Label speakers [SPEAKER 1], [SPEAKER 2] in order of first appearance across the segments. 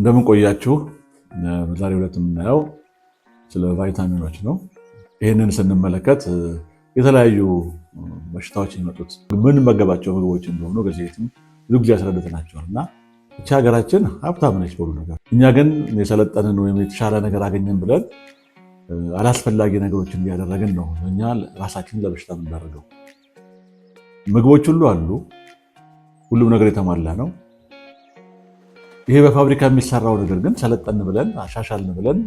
[SPEAKER 1] እንደምን ቆያችሁ። በዛሬው ዕለት የምናየው ስለ ቫይታሚኖች ነው። ይህንን ስንመለከት የተለያዩ በሽታዎች የሚመጡት የምንመገባቸው ምግቦች እንደሆኑ ከዚህም ብዙ ጊዜ ያስረድተናቸዋል እና እቺ ሀገራችን ሀብታም ነች በሉ ነገር፣ እኛ ግን የሰለጠንን ወይም የተሻለ ነገር አገኘን ብለን አላስፈላጊ ነገሮችን እያደረግን ነው እኛ ራሳችን ለበሽታ የምናደርገው። ምግቦች ሁሉ አሉ፣ ሁሉም ነገር የተሟላ ነው ይሄ በፋብሪካ የሚሰራው ነገር ግን ሰለጠን ብለን አሻሻልን ብለን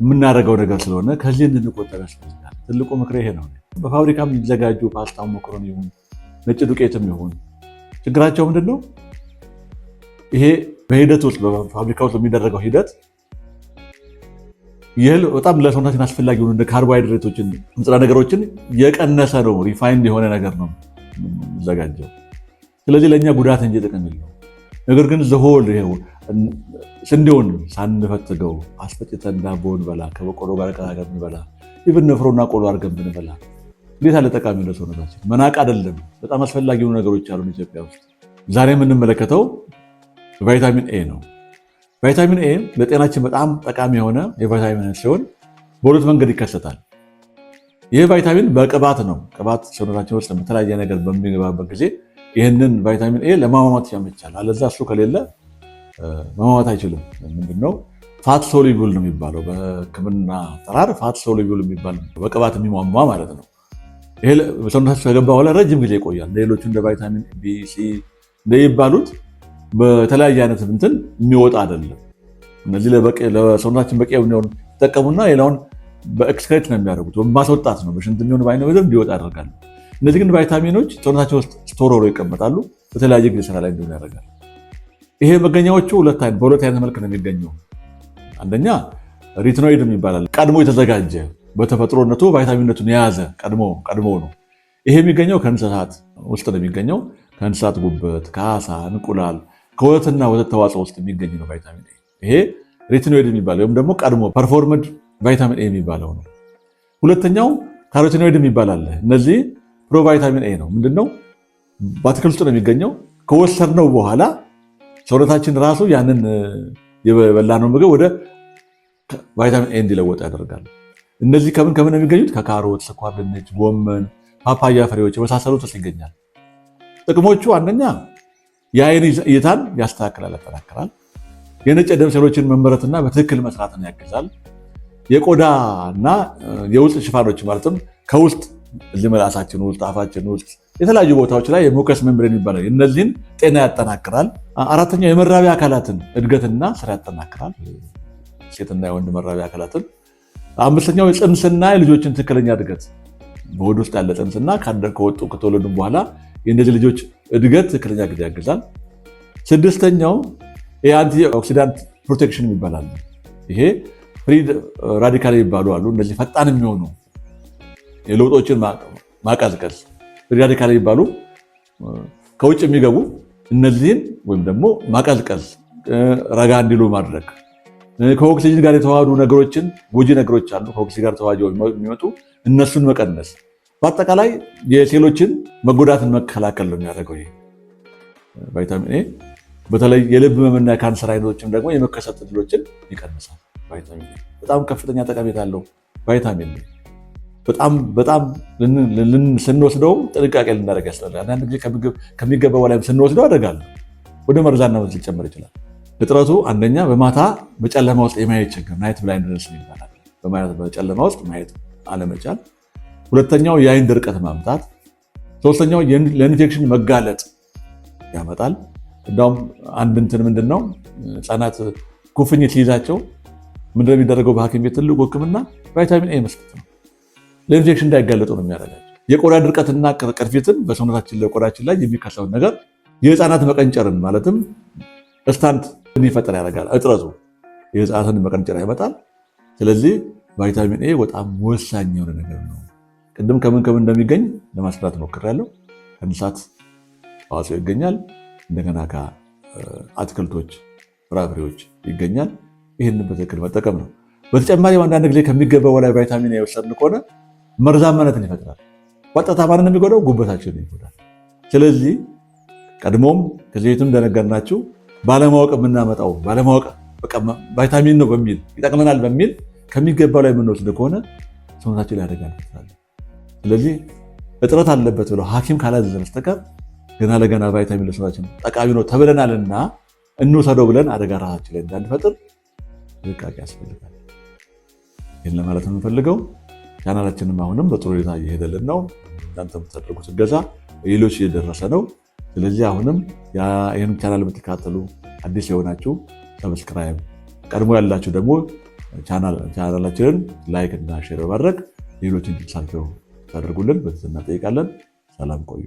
[SPEAKER 1] የምናደርገው ነገር ስለሆነ ከዚህ እንድንቆጠር ያስፈልጋል። ትልቁ ምክር ይሄ ነው። በፋብሪካ የሚዘጋጁ ፓስታ፣ ሞኮሮኒ ይሁን ነጭ ዱቄትም ይሁን ችግራቸው ምንድን ነው? ይሄ በሂደት ውስጥ በፋብሪካ ውስጥ በሚደረገው ሂደት ይህል በጣም ለሰውነት አስፈላጊ ሆኑ እንደ ካርቦሃይድሬቶችን ንጥረ ነገሮችን የቀነሰ ነው። ሪፋይንድ የሆነ ነገር ነው የሚዘጋጀው። ስለዚህ ለእኛ ጉዳት እንጂ ጥቅም የለው። ነገር ግን ዘሆል ይሄው ስንዴውን ሳንፈትገው አስፈጭተን ዳቦን በላ ከበቆሎ ጋር ቀላቀል ብንበላ ኢቨን ነፍሮና ቆሎ አድርገን ብንበላ እንዴት አለ ጠቃሚ ለሰውነታችን። መናቅ አይደለም፣ በጣም አስፈላጊ የሆኑ ነገሮች አሉ። ኢትዮጵያ ውስጥ። ዛሬ የምንመለከተው ቫይታሚን ኤ ነው። ቫይታሚን ኤ ለጤናችን በጣም ጠቃሚ የሆነ የቫይታሚን ሲሆን በሁለት መንገድ ይከሰታል። ይህ ቫይታሚን በቅባት ነው። ቅባት ሰውነታችን ውስጥ በተለያየ ነገር በሚገባበት ጊዜ ይህንን ቫይታሚን ኤ ለማማማት ያመቻል። አለዛ እሱ ከሌለ ማማማት አይችልም። ነው ፋት ሶሉብል ነው የሚባለው በሕክምና ጠራር ፋት ሶሉብል የሚባል በቅባት የሚሟሟ ማለት ነው። ይሄ ሰውነታችን ከገባ በኋላ ረጅም ጊዜ ይቆያል። ሌሎቹ እንደ ቫይታሚን ቢ፣ ሲ እንደሚባሉት በተለያየ አይነት እንትን የሚወጣ አይደለም። እነዚህ ለሰውነታችን በቂ የሚሆን ይጠቀሙና ሌላውን በኤክስክሬት ነው የሚያደርጉት። ማስወጣት ነው በሽንት የሚሆን በአይነ በደንብ እንዲወጣ ያደርጋሉ። እነዚህ ግን ቫይታሚኖች ሰውነታቸው ውስጥ ስቶር ሆነው ይቀመጣሉ። በተለያየ ጊዜ ስራ ላይ እንዲሆን ያደርጋል። ይሄ መገኛዎቹ ሁለት በሁለት አይነት መልክ ነው የሚገኘው። አንደኛ ሪትኖይድ የሚባላል ቀድሞ የተዘጋጀ በተፈጥሮነቱ ቫይታሚንነቱን የያዘ ቀድሞ ቀድሞ ነው። ይሄ የሚገኘው ከእንስሳት ውስጥ ነው የሚገኘው። ከእንስሳት ጉበት፣ ከአሳ፣ እንቁላል፣ ከወተትና ወተት ተዋጽኦ ውስጥ የሚገኝ ነው ቫይታሚን ኤ። ይሄ ሬቲኖይድ የሚባለው ወይም ደግሞ ቀድሞ ፐርፎርመድ ቫይታሚን ኤ የሚባለው ነው። ሁለተኛው ካሮቲኖይድ የሚባል እነዚህ ፕሮቫይታሚን ኤ ነው። ምንድነው? በአትክልት ነው የሚገኘው። ከወሰድነው በኋላ ሰውነታችን ራሱ ያንን የበላነው ምግብ ወደ ቫይታሚን ኤ እንዲለወጥ ያደርጋል። እነዚህ ከምን ከምን የሚገኙት? ከካሮት፣ ስኳር ድንች፣ ጎመን፣ ፓፓያ ፍሬዎች የመሳሰሉት ውስጥ ይገኛል። ጥቅሞቹ አንደኛ የአይን እይታን ያስተካክላል፣ ያጠናክራል። የነጭ ደም ሴሎችን መመረትና በትክክል መስራትን ያግዛል። እና የውስጥ ሽፋኖች ማለትም ከውስጥ እዚህ ራሳችን ውስጥ አፋችን ውስጥ የተለያዩ ቦታዎች ላይ የሙከስ መምብሬን የሚባለው እነዚህን ጤና ያጠናክራል። አራተኛው የመራቢያ አካላትን እድገትና ስራ ያጠናክራል፣ ሴትና የወንድ መራቢያ አካላትን። አምስተኛው የፅንስና የልጆችን ትክክለኛ እድገት በሆድ ውስጥ ያለ ፅንስና ከወጡ ከተወለዱ በኋላ የእነዚህ ልጆች እድገት ትክክለኛ ጊዜ ያግዛል። ስድስተኛው የአንቲ ኦክሲዳንት ፕሮቴክሽን ይባላል። ይሄ ፍሪ ራዲካል ይባሉ አሉ። እነዚህ ፈጣን የሚሆኑ የለውጦችን ማቀዝቀዝ ራዲካል የሚባሉ ከውጭ የሚገቡ እነዚህን ወይም ደግሞ ማቀዝቀዝ፣ ረጋ እንዲሉ ማድረግ ከኦክሲጅን ጋር የተዋሃዱ ነገሮችን ጎጂ ነገሮች አሉ። ከኦክሲጅን ጋር ተዋህደው የሚመጡ እነሱን መቀነስ፣ በአጠቃላይ የሴሎችን መጎዳትን መከላከል ነው የሚያደርገው ይሄ ቫይታሚን ኤ። በተለይ የልብ ህመምና የካንሰር አይነቶችም ደግሞ የመከሰት ዕድሎችን ይቀንሳል። ቫይታሚን ኤ በጣም ከፍተኛ ጠቀሜታ አለው ቫይታሚን ኤ በጣም በጣም ጥንቃቄ ልናደርግ ያስላል። አንዳንድ ጊዜ ከሚገባ በላይ ስንወስደው አደጋለ ወደ መርዛና መዝ ሊጨምር ይችላል። እጥረቱ አንደኛ በማታ በጨለማ ውስጥ የማየት ችግር ናይት ብላይንድነስ ይባላል። በጨለማ ውስጥ ማየት አለመቻል። ሁለተኛው የአይን ድርቀት ማምጣት። ሶስተኛው ለኢንፌክሽን መጋለጥ ያመጣል። እንዳውም አንድ እንትን ምንድን ነው ህፃናት ኩፍኝት ሊይዛቸው ምንድነው የሚደረገው? በሐኪም ቤት ትልቁ ህክምና ቫይታሚን ኤ መስጠት ነው። ለኢንፌክሽን እንዳይጋለጡ ነው የሚያደርጋቸው። የቆዳ ድርቀትና ቅርፊትን በሰውነታችን ለቆዳችን ቆዳችን ላይ የሚከሰውን ነገር የህፃናት መቀንጨርን ማለትም እስታንት እንዲፈጠር ያደርጋል። እጥረቱ የህፃናትን መቀንጨር ያመጣል። ስለዚህ ቫይታሚን ኤ በጣም ወሳኝ የሆነ ነገር ነው። ቅድም ከምን ከምን እንደሚገኝ ለማስራት ሞክሬያለሁ። ከእንስሳት ተዋጽኦ ይገኛል። እንደገና ከአትክልቶች፣ ፍራፍሬዎች ይገኛል። ይህንን በትክክል መጠቀም ነው። በተጨማሪ አንዳንድ ጊዜ ከሚገባው በላይ ቫይታሚን ኤ የወሰድን ከሆነ መርዛማነትን ይፈጥራል። ቀጥታ ማንን የሚጎዳው? ጉበታችን ይጎዳል። ስለዚህ ቀድሞም ከዚህ በፊትም እንደነገርናችሁ ባለማወቅ የምናመጣው ባለማወቅ ቫይታሚን ነው በሚል ይጠቅመናል በሚል ከሚገባ ላይ የምንወስድ ከሆነ ሰውነታችን ላይ አደጋ ይፈጥራል። ስለዚህ እጥረት አለበት ብለው ሐኪም ካላዘዘ በስተቀር ገና ለገና ቫይታሚን ለሰውነታችን ጠቃሚ ነው ተብለናልና እንውሰደው ብለን አደጋ ራሳችን ላይ እንዳንፈጥር ጥንቃቄ ያስፈልጋል። ይህን ለማለት ነው የምንፈልገው። ቻናላችንም አሁንም በጥሩ ሁኔታ እየሄደልን ነው። እናንተ የምታደርጉት እገዛ ሌሎች እየደረሰ ነው። ስለዚህ አሁንም ይህን ቻናል የምትከታተሉ አዲስ የሆናችሁ ሰብስክራይብ፣ ቀድሞ ያላችሁ ደግሞ ቻናላችንን ላይክ እና ሼር በማድረግ ሌሎች እንዲሳቸው ታደርጉልን በትህትና ጠይቃለን። ሰላም ቆዩ።